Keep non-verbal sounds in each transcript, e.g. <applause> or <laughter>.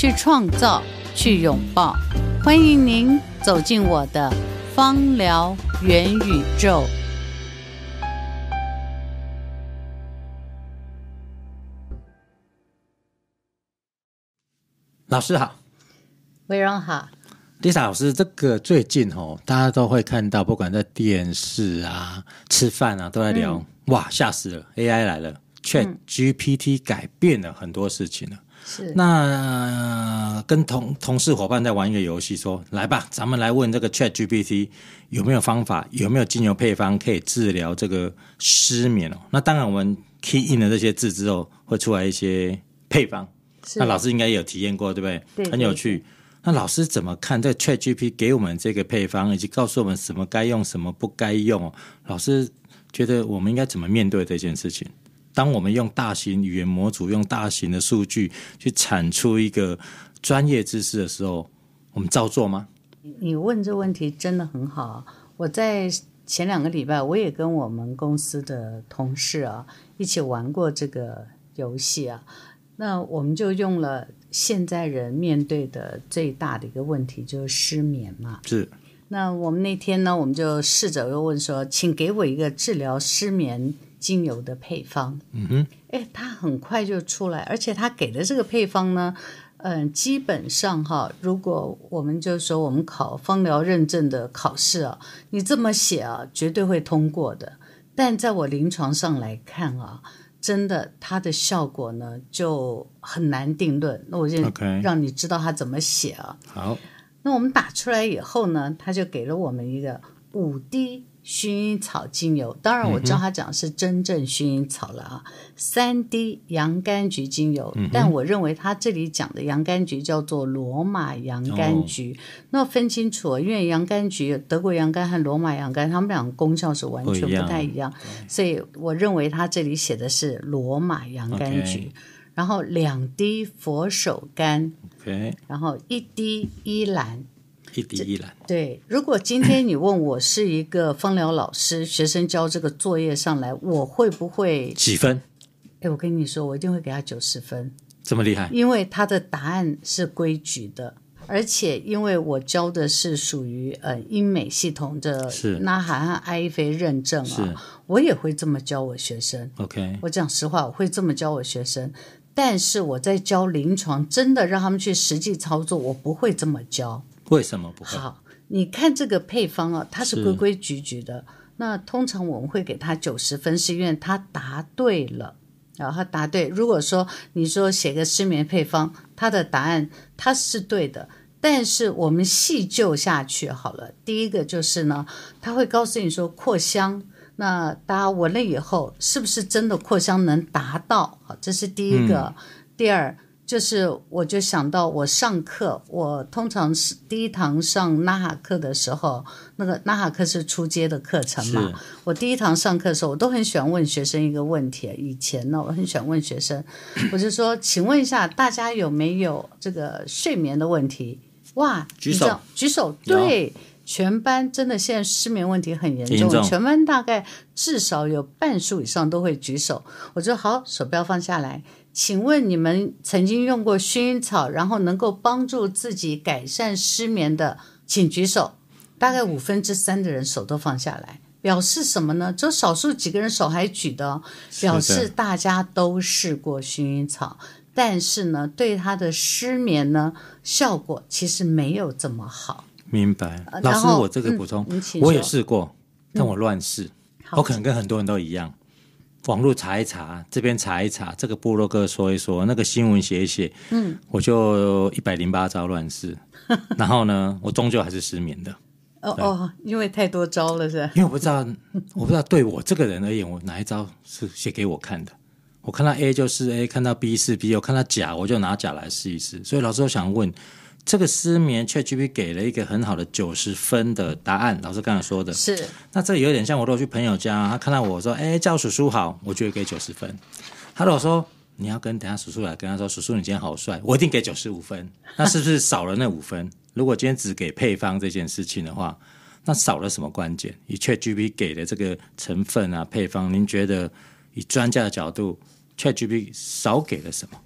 去創造，去擁抱，歡迎您走進我的芳療元宇宙。老師好，微榮好，Lisa 老師，這個最近哦，大家都會看到，不管在電視啊、吃飯啊，都在聊，嗯、哇，嚇死了！AI 來了，ChatGPT 改變了很多事情了。嗯是，那跟同同事夥伴在玩一個遊戲說，說來吧，咱們來問這個 ChatGPT 有沒有方法，有沒有精油配方可以治療這個失眠哦。那當然，我們 key in 的這些字之後，會出來一些配方。那老師應該也有體驗過，對不對？對，很有趣。那老師怎麼看這個 ChatGPT 給我們這個配方，以及告訴我們什麼該用，什麼不該用？老師覺得我們應該怎麼面對這件事情？當我們用大型語言模組、用大型的數據去産出一個專業知識的時候，我們照做嗎？你問這問題真的很好。我在前兩個禮拜，我也跟我們公司的同事啊一起玩過這個遊戲啊。那我們就用了現在人面對的最大的一個問題，就是失眠嘛。是。那我們那天呢，我們就試着又問說：“請給我一個治療失眠。”精油的配方，嗯哼，誒，它很快就出來，而且他給的這個配方呢，嗯、呃，基本上哈，如果我們就是說我們考芳療認證的考試啊，你這麼寫啊，絕對會通過的。但在我臨床上來看啊，真的它的效果呢就很難定論。那我就讓你知道他怎麼寫啊。好，okay，那我們打出來以後呢，他就給了我們一個五滴，薰衣草精油，當然我知道他講的是真正薰衣草了啊，嗯、三滴洋甘菊精油、嗯，但我認為他這裡講的洋甘菊叫做羅馬洋甘菊，那分清楚，因為洋甘菊德國洋甘和羅馬洋甘，他們兩個功效是完全不太一樣，嗯、所以我認為他這裡寫的是羅馬洋甘菊，然後兩滴佛手柑、嗯，然後一滴依蘭。一題一欄。對，如果今天你問我是一個芳療老師， <coughs> 學生交這個作業上來，我會不會幾分？哎，我跟你說，我一定會給他九十分。這麼厲害？因為他的答案是規矩的，而且因為我教的是屬於呃英美系統的 NAHA 和 IFA 認證啊，我也會這麼教我學生。OK，我講實話，我會這麼教我學生，但是我在教臨床，真的讓他們去實際操作，我不會這麼教。為什麼不會？好，你看這個配方啊、哦，它是規規矩矩的。那通常我們會給他九十分，是因為他答對了，然後它答對。如果說你說寫個失眠配方，他的答案他是對的，但是我們細究下去好了。第一個就是呢，他會告訴你說擴香，那大家聞了以後，是不是真的擴香能達到？好，這是第一個。嗯。第二。就是，我就想到我上課，我通常是第一堂上那哈課的時候，那個那哈課是初階的課程嘛。我第一堂上課的時候，我都很喜歡問學生一個問題。以前呢，我很喜歡問學生， <coughs> 我就說：“請問一下，大家有沒有這個睡眠的問題？”哇，舉手，舉手，對，全班真的現在失眠問題很嚴重，嚴重，全班大概至少有半數以上都會舉手。我說好，手不要放下來。請問你們曾經用過薰衣草，然後能夠幫助自己改善失眠的，請舉手。大概五分之三的人手都放下來，表示什麼呢？只有少數幾個人手還舉的，表示大家都試過薰衣草，但是呢，對他的失眠呢效果其實沒有這麼好。明白。呃、老師，我這個補充、嗯，我也試過，但我亂試、嗯，我可能跟很多人都一樣。網絡查一查，這邊查一查，這個部落格說一說，那個新聞寫一寫，嗯，我就一百零八招亂試 <laughs> 然後呢，我終究還是失眠的。哦 <laughs> 哦，因為太多招了是，是？因為我不知道， <laughs> 我不知道對我這個人而言，我哪一招是寫給我看的？我看到 A 就是 A，看到 B 是 B，我看到甲我就拿甲來試一試。所以老師我想問。這個失眠，ChatGPT 給了一個很好的九十分的答案。老師剛才說的是，那這有點像我如果去朋友家、啊，他看到我說：“哎，叫我叔叔好。”，我就會給九十分。他如果說你要跟，等下叔叔來跟他說：“叔叔，你今天好帥。”，我一定給九十五分。那是不是少了那五分？ <laughs> 如果今天只給配方這件事情的話，那少了什麼關鍵？以 ChatGPT 給的這個成分啊，配方，您覺得以專家的角度，ChatGPT 少給了什麼？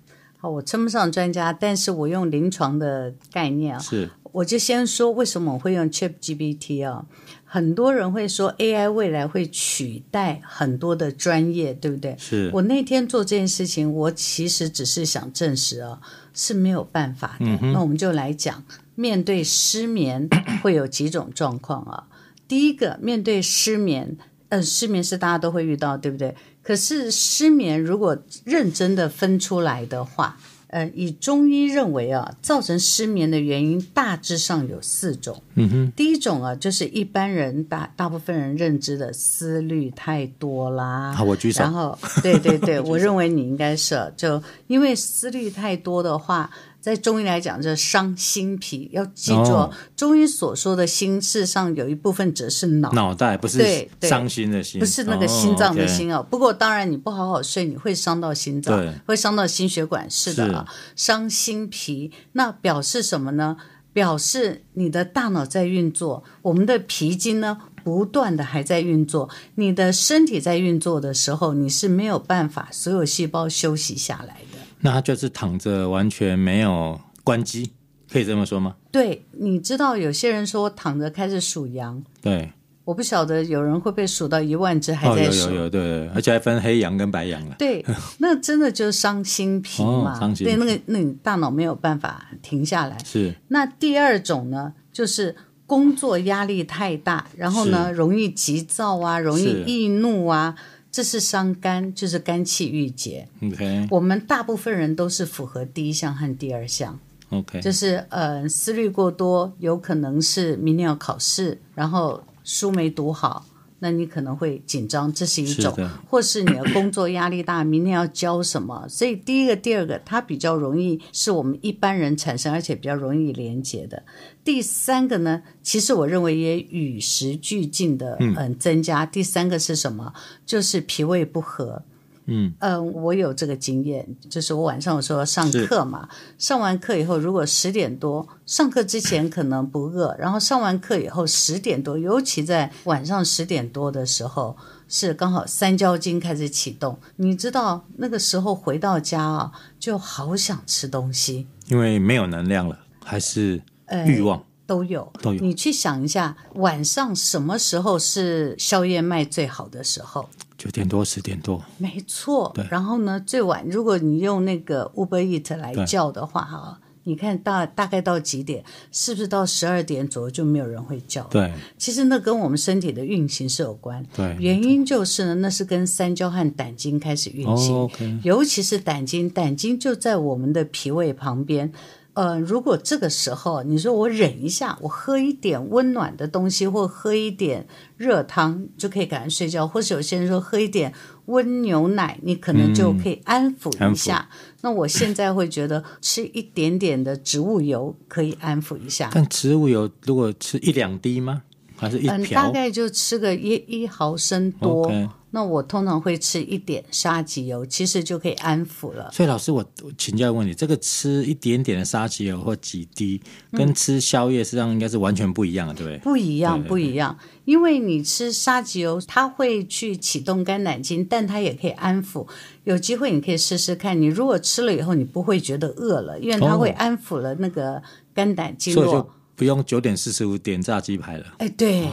哦，我稱不上專家，但是我用臨床的概念啊，是，我就先說為什麼我會用 ChatGPT 啊？很多人會說 AI 未來會取代很多的專業，對不對？是。我那天做這件事情，我其實只是想證實啊，是沒有辦法的。嗯、那我們就來講，面對失眠會有幾種狀況啊？ <coughs> 第一個，面對失眠，嗯、呃，失眠是大家都會遇到，對不對？可是失眠，如果認真的分出來的話，呃，以中醫認為啊，造成失眠的原因大致上有四種。嗯哼。第一種啊，就是一般人大大部分人認知的思慮太多啦。好，我舉手。然後，對對對， <laughs> 我認為你應該是，就因為思慮太多的話。在中醫來講，這傷心脾，要記住，哦，oh. 中醫所說的“心”事實上有一部分則是腦，腦袋不是傷心的心，對，對，傷心的心，不是那個心臟的心哦，oh, okay. 不過當然，你不好好睡，你會傷到心臟，會傷到心血管，是的啊，哦。傷心脾，那表示什麼呢？表示你的大腦在運作，我們的脾經呢不斷的還在運作，你的身體在運作的時候，你是沒有辦法所有細胞休息下來的。那他就是躺着完全沒有關機，可以這麼說嗎？對，你知道有些人說躺着開始數羊，對，我不曉得有人會被數到一萬隻還在數，哦、有有有，對，對，對，而且還分黑羊跟白羊了，對，那真的就傷心脾嘛、哦、傷心，對，那個那你大腦沒有辦法停下來，是。那第二種呢，就是工作壓力太大，然後呢容易急躁啊，容易易怒啊。這是傷肝，就是肝氣鬱結。Okay. 我們大部分人都是符合第一項和第二項。Okay. 就是呃思慮過多，有可能是明天要考試，然後書沒讀好。那你可能會緊張，這是一種；是或是你的工作壓力大， <coughs> 明天要交什麼？所以第一個、第二個，它比較容易是我們一般人產生，而且比較容易連結的。第三個呢，其實我認為也與時俱進的很、呃、增加、嗯。第三個是什麼？就是脾胃不和。嗯嗯、呃，我有這個經驗，就是我晚上有時候上課嘛，上完課以後，如果十點多，上課之前可能不餓， <coughs> 然後上完課以後十點多，尤其在晚上十點多的時候，是剛好三焦經開始啟動，你知道那個時候回到家啊，就好想吃東西，因為沒有能量了，還是慾望、呃、都有都有。你去想一下，晚上什麼時候是宵夜賣最好的時候？九點多十點多，沒錯。對，然後呢，最晚，如果你用那個 Uber Eats 來叫的話，哈，你看大，大概到幾點？是不是到十二點左右就沒有人會叫？對，其實那跟我們身體的運行是有關的。對，原因就是呢，那是跟三焦和膽經開始運行、哦 okay，尤其是膽經，膽經就在我們的脾胃旁邊。呃，如果這個時候你說我忍一下，我喝一點溫暖的東西，或喝一點熱湯，就可以趕快睡覺，或者有些人說喝一點溫牛奶，你可能就可以安撫一下。嗯，安撫。那我現在會覺得吃一點點的植物油可以安撫一下。但植物油，如果吃一兩滴嗎？還是一兩滴？嗯，大概就吃個一一毫升多。Okay. 那我通常會吃一點沙棘油，其實就可以安撫了。所以老師，我請教你問題，這個吃一點點的沙棘油或幾滴，嗯、跟吃宵夜實際上應該是完全不一樣的，對不對？不一樣對對對，不一樣。因為你吃沙棘油，它會去啟動肝膽經，但它也可以安撫。有機會你可以試試看，你如果吃了以後，你不會覺得餓了，因為它會安撫了那個肝膽經。所以就不用九點四十五點炸雞排了。哎，對。哦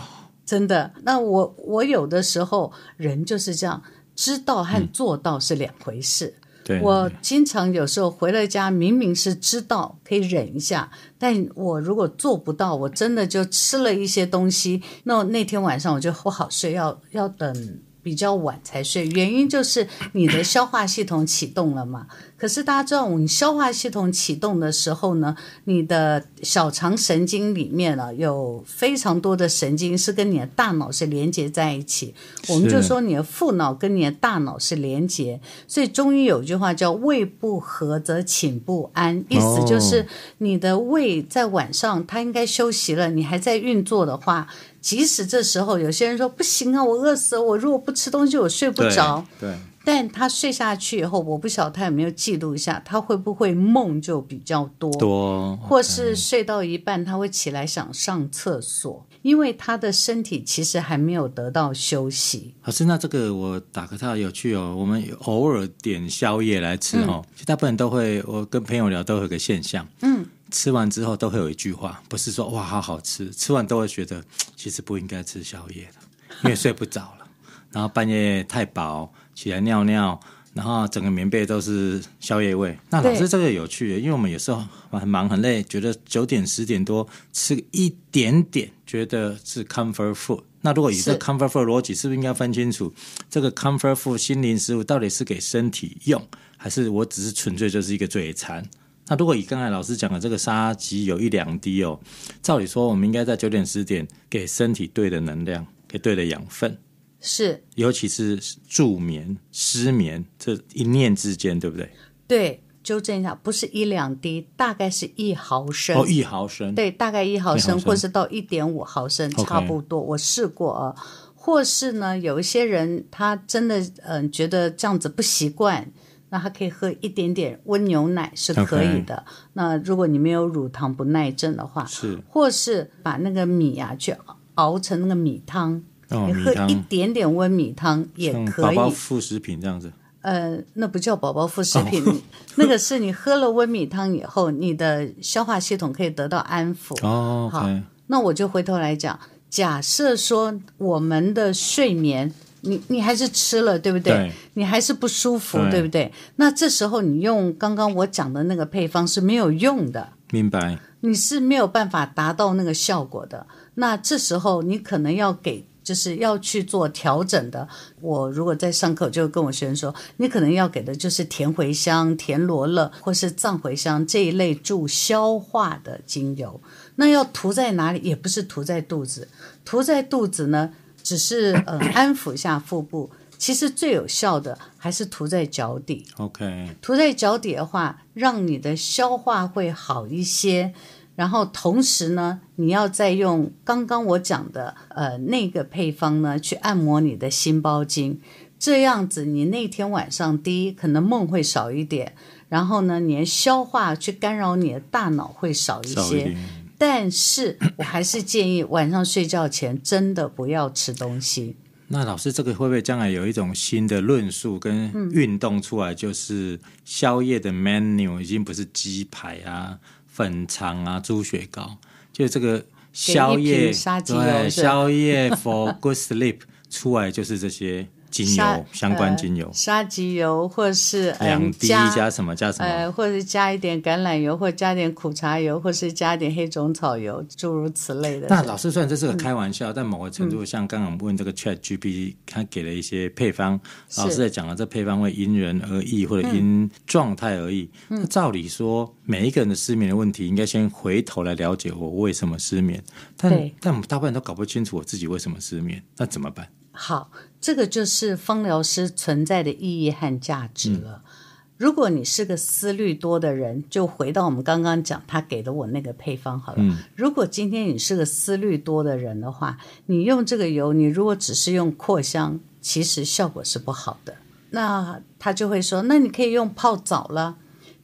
真的，那我我有的時候人就是這樣，知道和做到是兩回事。嗯，對，我經常有時候回了家，明明是知道可以忍一下，但我如果做不到，我真的就吃了一些東西，那我那天晚上我就不好睡，要要等。比較晚才睡，原因就是你的消化系統啟動了嘛。可是大家知道，我們消化系統啟動的時候呢，你的小腸神經裡面呢，有非常多的神經是跟你的大腦是連接在一起。我們就說你的腹腦跟你的大腦是連接。所以中醫有一句話，叫“胃不和則寢不安”，意思就是你的胃在晚上它應該休息了，你還在運作的話。即使這時候，有些人說不行啊，我餓死了，我如果不吃東西，我睡不着。對，對，但他睡下去以後，我不曉得他有沒有記錄一下，他會不會夢就比較多，多，或是睡到一半，okay. 他會起來想上廁所，因為他的身體其實還沒有得到休息。老師，那這個我打個岔，有趣哦。我們偶爾點宵夜來吃、哦、嗯、其實大部分都會，我跟朋友聊都有一個現象，嗯。吃完之後都會有一句話，不是說哇，好好吃，吃完都會覺得其實不應該吃宵夜的，因為睡不着了。 <laughs> 然後半夜太飽起來尿尿，然後整個棉被都是宵夜味。那老師，這個有趣，因為我們有時候很忙很累，覺得九點十點多吃一點點，覺得是 comfort food。那如果以這個 comfort food 邏輯是，是不是應該分清楚這個 comfort food 心靈食物到底是給身體用，還是我只是純粹就是一個嘴饞？那如果以剛才老師講的這個沙棘有一兩滴哦，照理說我們應該在九點十點給身體對的能量，給對的養分。是，尤其是助眠、失眠，這一念之間，對不對？對，糾正一下，不是一兩滴，大概是一毫升。哦，一毫升。對，大概一毫升，或是到一點五毫升，毫升 okay. 差不多。我試過啊、哦，或是呢，有一些人他真的嗯、呃、覺得這樣子不習慣。那還可以喝一點點溫牛奶是可以的。Okay. 那如果你沒有乳糖不耐症的話，是，或是把那個米啊去熬成那個米湯，oh, 你喝一點點溫米湯也可以。寶寶副食品這樣子。呃，那不叫寶寶副食品，oh. 那個是你喝了溫米湯以後，你的消化系統可以得到安撫。哦、oh, okay.，好。那我就回頭來講，假設說我們的睡眠。你你還是吃了，對不對？對你還是不舒服對，對不對？那這時候你用剛剛我講的那個配方是沒有用的，明白？你是沒有辦法達到那個效果的。那這時候你可能要給，就是要去做調整的。我如果在上課就跟我學生說，你可能要給的就是甜茴香、甜羅勒，或是藏茴香這一類助消化的精油。那要塗在哪裡？也不是塗在肚子，塗在肚子呢？只是呃 <coughs> 安撫一下腹部，其實最有效的還是塗在腳底。OK，塗在腳底的話，讓你的消化會好一些。然後同時呢，你要再用剛剛我講的呃那個配方呢，去按摩你的心包經。這樣子，你那天晚上第一可能夢會少一點，然後呢，你的消化去干擾你的大腦會少一些。但是我還是建議晚上睡覺前真的不要吃東西。那老師，這個會不會將來有一種新的論述跟運動出來，就是宵夜的 menu 已經不是雞排啊、粉腸啊、豬血糕，就這個宵夜對、啊、宵夜 for good sleep 出來就是這些。精油相關精油，沙、呃、沙棘油或是兩滴、呃、加什麼加什麼，什麼呃、或是加一點橄欖油，或加一點苦茶油，或是加一點黑種草油，諸如此類的。那老師雖然這是個開玩笑，嗯、但某個程度、嗯、像剛剛我們問這個 Chat GPT，它給了一些配方，嗯、老師也講了，這配方會因人而異，或者因狀態而異。嗯、照理說，每一個人的失眠的問題，應該先回頭來了解我為什麼失眠，嗯、但但大部分人都搞不清楚我自己為什麼失眠，那怎麼辦？好，這個就是芳療師存在的意義和價值了、嗯。如果你是個思慮多的人，就回到我們剛剛講他給了我那個配方好了、嗯。如果今天你是個思慮多的人的話，你用這個油，你如果只是用擴香，其實效果是不好的。那他就會說，那你可以用泡澡了。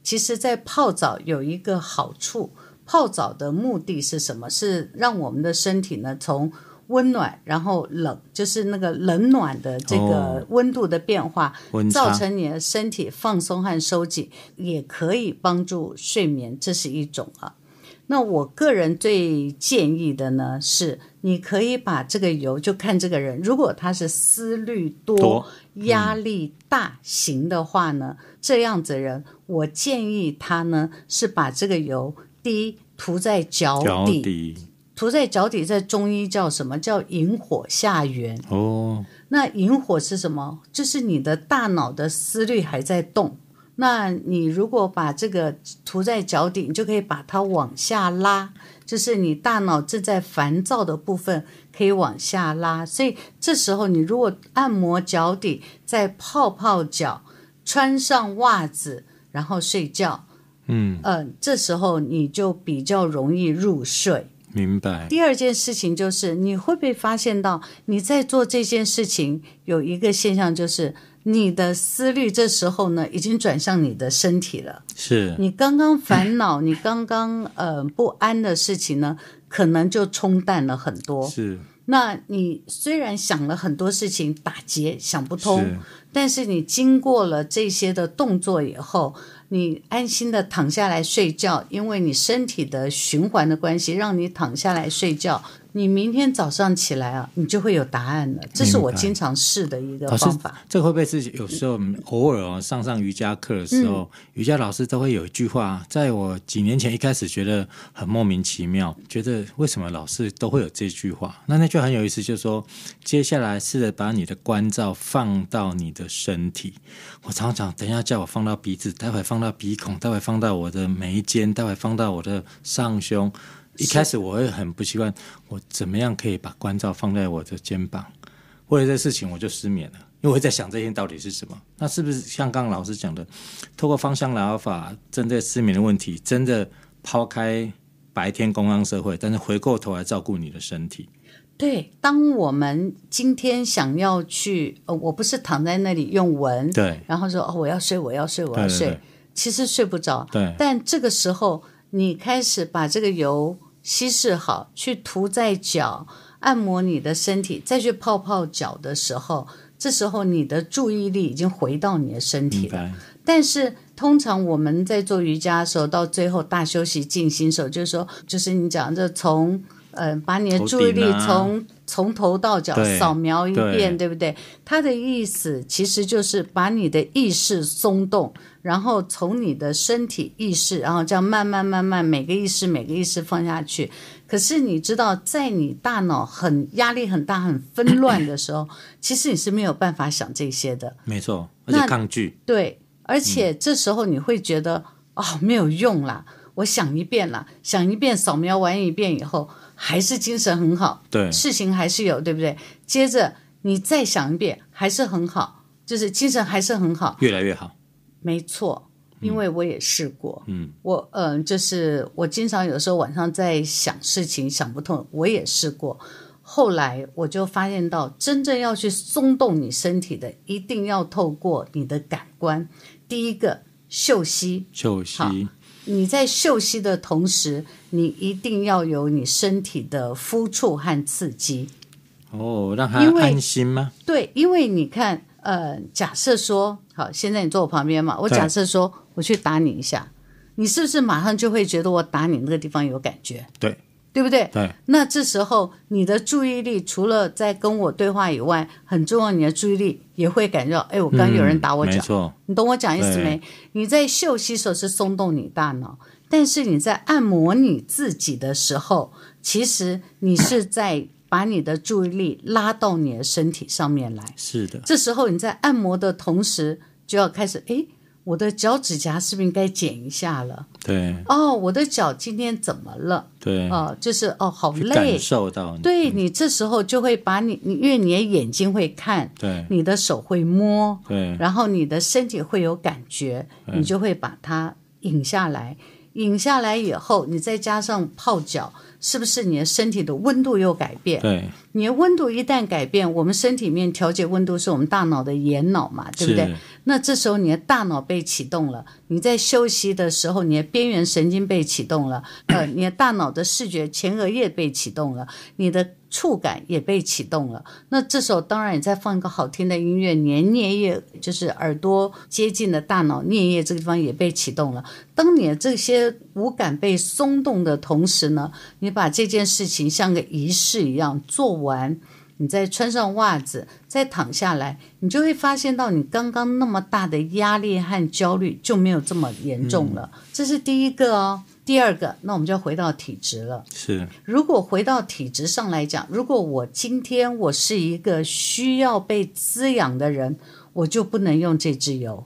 其實，在泡澡有一個好處，泡澡的目的是什麼？是讓我們的身體呢從。溫暖，然後冷，就是那個冷暖的這個溫度的變化，哦，溫差。造成你的身體放鬆和收緊，也可以幫助睡眠，這是一種啊。那我個人最建議的呢是，你可以把這個油，就看這個人，如果他是思慮多、多嗯、壓力大型的話呢，這樣子人，我建議他呢是把這個油滴塗在腳底。腳底塗在腳底，在中醫叫什麼？叫引火下元哦。Oh. 那引火是什麼？就是你的大腦的思慮還在動。那你如果把這個塗在腳底，你就可以把它往下拉，就是你大腦正在煩躁的部分可以往下拉。所以這時候你如果按摩腳底，再泡泡腳，穿上襪子，然後睡覺，嗯、hmm. 嗯、呃，這時候你就比較容易入睡。明白。第二件事情就是，你會不會發現到你在做這件事情有一個現象，就是你的思慮這時候呢已經轉向你的身體了。是。你剛剛煩惱， <laughs> 你剛剛呃不安的事情呢，可能就沖淡了很多。是。那你雖然想了很多事情打結想不通，但是你經過了這些的動作以後。你安心的躺下來睡覺，因為你身體的循環的關係，讓你躺下來睡覺。你明天早上起來啊，你就會有答案了。這是我經常試的一個方法。這會不會是有時候偶爾哦，上上瑜伽課的時候，嗯，瑜伽老師都會有一句話。在我幾年前一開始覺得很莫名其妙，覺得為什麼老師都會有這句話？那那句很有意思，就是說，接下來試着把你的關照放到你的身體。我常常等一下叫我放到鼻子，待會放到鼻孔，待會放到我的眉間，待會放到我的上胸。一開始我會很不習慣，我怎麼樣可以把關照放在我的肩膀，或者這事情我就失眠了，因為我在想這些到底是什麼。那是不是像剛剛老師講的，透過芳香療法針對失眠的問題，真的拋開白天工商社會，但是回過頭來照顧你的身體？對，當我們今天想要去，呃，我不是躺在那裡用聞，對，然後說哦，我要睡，我要睡，我要睡，對對對，其實睡不着，對。但這個時候你開始把這個油。稀釋好，去塗在腳，按摩你的身體，再去泡泡腳的時候，這時候你的注意力已經回到你的身體了。但是通常我們在做瑜伽的時候，到最後大休息靜心的時候，就是說，就是你講這從嗯、呃，把你的注意力從頭、啊、從頭到腳掃描一遍對，對不對？它的意思其實就是把你的意識鬆動。然後從你的身體意識，然後這樣慢慢慢慢每個意識每個意識放下去。可是你知道，在你大腦很壓力很大、很紛亂的時候， <coughs> 其實你是沒有辦法想這些的。沒錯，而且抗拒。對，而且這時候你會覺得、嗯、哦，沒有用了。我想一遍了，想一遍，掃描完一遍以後，還是精神很好。對，事情還是有，對不對？接着你再想一遍，還是很好，就是精神還是很好，越來越好。沒錯，因為我也試過。嗯，嗯我嗯、呃，就是我經常有時候晚上在想事情想不通，我也試過。後來我就發現到，真正要去鬆動你身體的，一定要透過你的感官。第一個嗅吸，嗅吸。你在嗅吸的同時，你一定要有你身體的撫觸和刺激。哦，讓他安心嗎？對，因為你看。呃，假設說好，現在你坐我旁邊嘛，我假設說我去打你一下，你是不是馬上就會覺得我打你那個地方有感覺？對，對不對？對。那這時候你的注意力除了在跟我對話以外，很重要，你的注意力也會感覺到，哎，我剛剛有人打我腳，嗯。你懂我講意思沒？你在嗅吸的時候是鬆動你大腦，但是你在按摩你自己的時候，其實你是在。 <coughs> 把你的注意力拉到你的身體上面來。是的，這時候你在按摩的同時，就要開始，哎，我的腳趾甲是不是應該剪一下了？對。哦，我的腳今天怎麼了？對。哦、呃，就是哦，好累。感受到你。對，你這時候就會把你，因為你的眼睛會看，對，你的手會摸，對，然後你的身體會有感覺，你就會把它引下來。引下來以後，你再加上泡腳。是不是你的身體的溫度又改變？對。你的溫度一旦改變，我們身體裡面調節溫度是我們大腦的延腦嘛，對不對？那這時候你的大腦被啟動了，你在休息的時候，你的邊緣神經被啟動了，呃， <coughs> 你的大腦的視覺前額葉被啟動了，你的觸感也被啟動了。那這時候當然你在放一個好聽的音樂，顳顳葉就是耳朵接近的大腦顳葉這個地方也被啟動了。當你的這些五感被鬆動的同時呢，你把這件事情像個儀式一樣做完。完，你再穿上襪子，再躺下來，你就會發現到你剛剛那麼大的壓力和焦慮就沒有這麼嚴重了。嗯。這是第一個哦。第二個，那我們就要回到體質了。是。如果回到體質上來講，如果我今天我是一個需要被滋養的人，我就不能用這支油。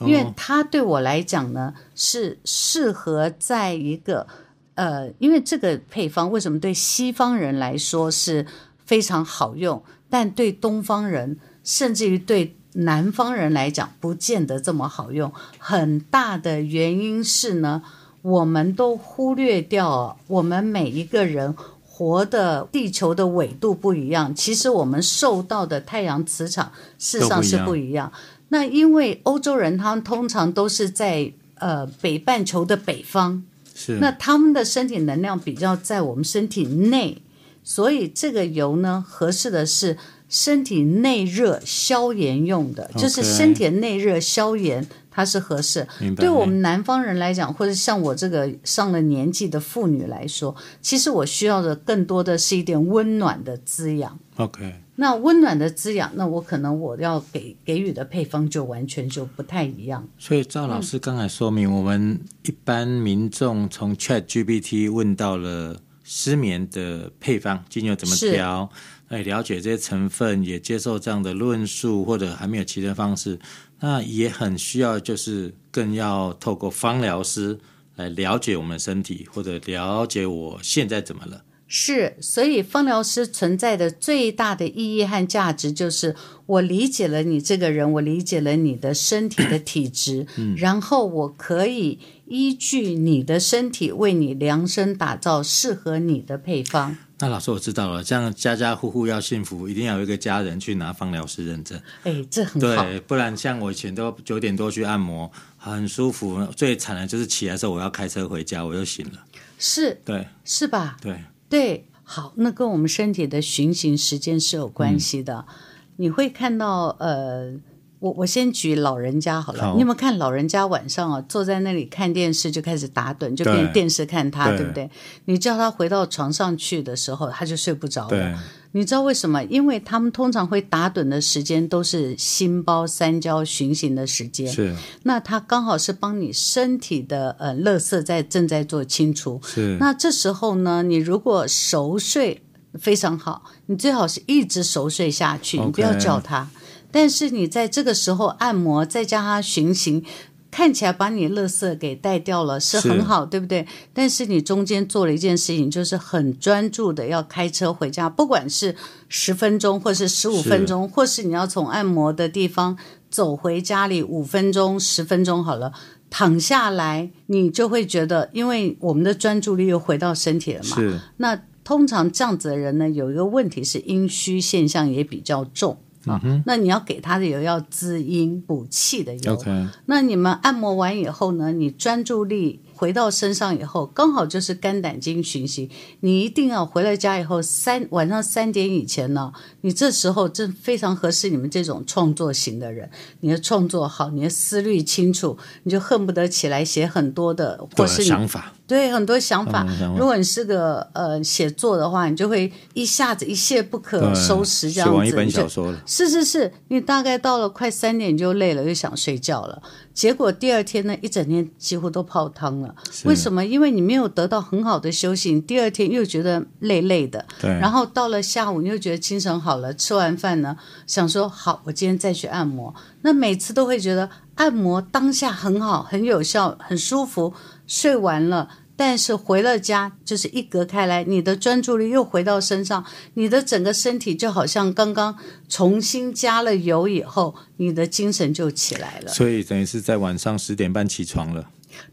哦。因為它對我來講呢是適合在一個呃，因為這個配方為什麼對西方人來說是非常好用，但對東方人，甚至於對南方人來講，不見得這麼好用。很大的原因是呢，我們都忽略掉，我們每一個人活的地球的緯度不一樣，其實我們受到的太陽磁場事實上是不一，不一樣。那因為歐洲人，他們通常都是在呃北半球的北方，是，那他們的身體能量比較在我們身體內。所以這個油呢，合適的是身體內熱消炎用的，okay, 就是身體內熱消炎，它是合適。明白。對我們南方人來講，或者像我這個上了年紀的婦女來說，其實我需要的更多的是一點溫暖的滋養。OK。那溫暖的滋養，那我可能我要給給予的配方就完全就不太一樣。所以趙老師剛才說明，嗯、我們一般民眾從 ChatGPT 問到了。失眠的配方精油怎麼調？來了解這些成分，也接受這樣的論述，或者還沒有其他方式，那也很需要，就是更要透過芳療師來了解我們身體，或者了解我現在怎麼了。是，所以芳療師存在的最大的意義和價值就是，我理解了你這個人，我理解了你的身體的體質，嗯，然後我可以依據你的身體為你量身打造適合你的配方。那老師，我知道了，這樣家家戶戶要幸福，一定要有一個家人去拿芳療師認證。哎，這很好。對，不然像我以前都九點多去按摩，很舒服。最慘的就是起來的時候我要開車回家，我就醒了。是，對，是吧？對。對，好，那跟我們身體的循行時間是有關係的，嗯、你會看到，呃。我我先舉老人家好了，你有沒有看老人家晚上啊坐在那裡看電視就開始打盹，就跟電視看他對，對不對？你叫他回到床上去的時候，他就睡不着了。你知道為什麼？因為他們通常會打盹的時間都是心包三焦循行的時間，是。那他剛好是幫你身體的呃垃圾在正在做清除，是。那這時候呢，你如果熟睡非常好，你最好是一直熟睡下去，你不要叫他。Okay, 但是你在這個時候按摩，再加上循行，看起來把你樂色給帶掉了，是很好是，對不對？但是你中間做了一件事情，就是很專注的要開車回家，不管是十分，分鐘，或是十五分鐘，或是你要從按摩的地方走回家裡五分鐘、十分鐘好了，躺下來，你就會覺得，因為我們的專注力又回到身體了嘛。那通常這樣子的人呢，有一個問題是陰虛現象也比較重。啊、uh -huh.，那你要給他的油要滋陰補氣的油。Okay. 那你們按摩完以後呢，你專注力回到身上以後，剛好就是肝膽經循行。你一定要回到家以後三晚上三點以前呢、哦，你這時候正非常合適你們這種創作型的人，你的創作好，你的思慮清楚，你就恨不得起來寫很多的，或是想法。對很多想法，如果你是個呃寫作的話，你就會一下子一瀉不可收拾，這樣子。寫完一本小說了，是是是，你大概到了快三點就累了，又想睡覺了。結果第二天呢，一整天幾乎都泡湯了。為什麼？因為你沒有得到很好的休息，你第二天又覺得累累的。然後到了下午，你又覺得精神好了，吃完飯呢，想說好，我今天再去按摩。那每次都會覺得。按摩當下很好，很有效，很舒服。睡完了，但是回了家就是一隔開來，你的專注力又回到身上，你的整個身體就好像剛剛重新加了油以後，你的精神就起來了。所以等於是在晚上十點半起床了。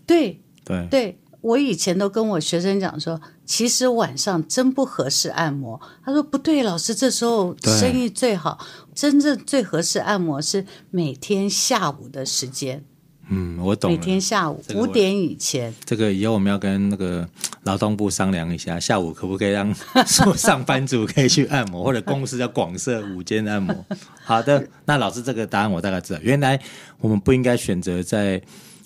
對對對，我以前都跟我學生講說，其實晚上真不合適按摩。他說不對，老師，這時候生意最好。真正最合適按摩是每天下午的時間。嗯，我懂。每天下午、這個、五點以前。這個以後我們要跟那個勞動部商量一下，下午可不可以讓 <laughs> 上班族可以去按摩，或者公司要廣設午間按摩。 <laughs> 好的，那老師這個答案我大概知道。原來我們不應該選擇在。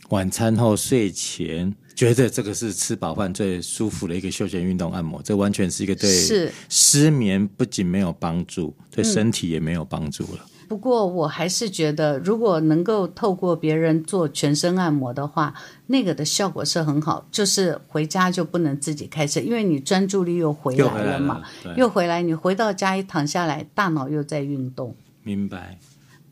晚餐後、睡前，覺得這個是吃飽飯最舒服的一個休閒運動按摩。這完全是一個對失眠不僅沒有幫助，對身體也沒有幫助了。嗯、不過我還是覺得，如果能夠透過別人做全身按摩的話，那個的效果是很好。就是回家就不能自己開車，因為你專注力又回來了嘛，又回來，又回來。你回到家一躺下來，大腦又在運動，明白。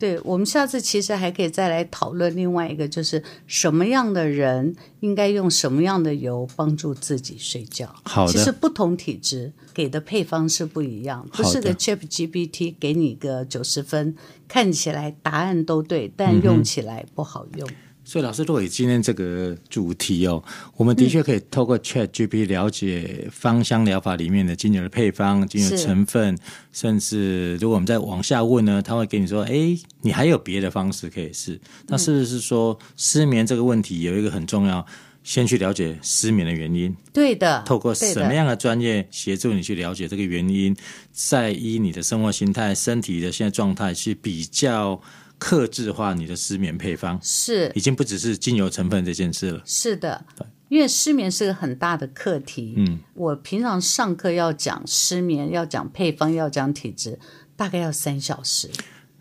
對，我們下次其實還可以再來討論另外一個，就是什麼樣的人應該用什麼樣的油幫助自己睡覺。好的，其實不同體質給的配方是不一樣。好的，不是的 ChatGPT 給你個九十分，看起來答案都對，但用起來不好用。嗯所以，老師，對於今天這個主題哦，我們的確可以透過 ChatGPT 了解芳香療法裡面的精油的配方、精油成分，甚至如果我們再往下問呢，他會給你說：哎，你還有別的方式可以試。那是不是說失眠這個問題有一個很重要，先去了解失眠的原因？對的，透過什麼樣的專業協助你去了解這個原因，再依你的生活形態、身體的現在狀態去比較。客製化你的失眠配方是，已經不只是精油成分這件事了。是的，對，因為失眠是個很大的課題。嗯，我平常上課要講失眠，要講配方，要講體質，大概要三小時。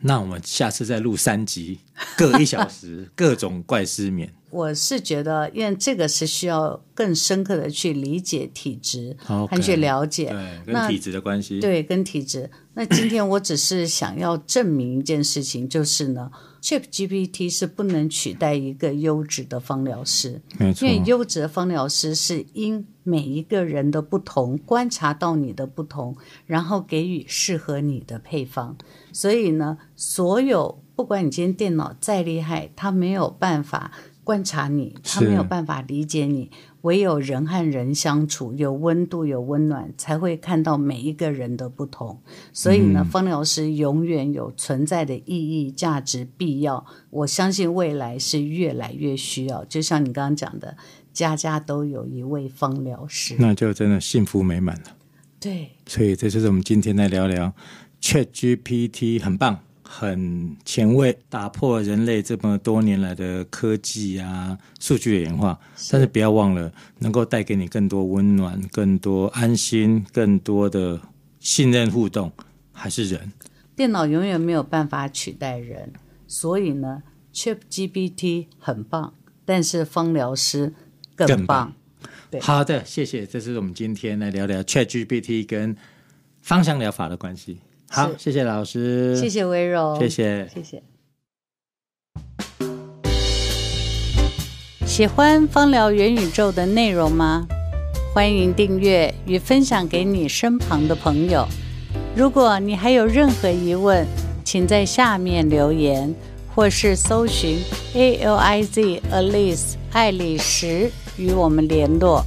那我們下次再錄三集，各一小時， <laughs> 各種怪失眠。我是覺得，因為這個是需要更深刻的去理解體質、okay，還去了解，對那，跟體質的關係，對，跟體質。那今天我只是想要證明一件事情，就是呢 <coughs> ，ChatGPT 是不能取代一個優質的芳療師，因為優質的芳療師是因每一個人的不同，觀察到你的不同，然後給予適合你的配方。所以呢，所有不管你今天電腦再厲害，它沒有辦法。觀察你，他沒有辦法理解你。唯有人和人相處，有溫度、有溫暖，才會看到每一個人的不同。所以呢，芳、嗯、療師永遠有存在的意義、價值、必要。我相信未來是越來越需要。就像你剛剛講的，家家都有一位芳療師，那就真的幸福美滿了。對，所以這就是我們今天來聊聊 ChatGPT，很棒。很前衛，打破人類這麼多年來的科技啊、數據的演化，但是不要忘了，能夠帶給你更多溫暖、更多安心、更多的信任互動，還是人。電腦永遠沒有辦法取代人，所以呢，ChatGPT 很棒，但是芳療師更棒，更棒，對。好的，謝謝。這是我們今天來聊聊 ChatGPT 跟芳香療法的關係。好，謝謝老師。謝謝薇柔。謝謝。謝謝。喜歡芳療元宇宙的內容嗎？歡迎訂閱與分享給你身旁的朋友。如果你還有任何疑問，請在下面留言，或是搜尋 ALIZ Alice 愛裡與我們聯絡。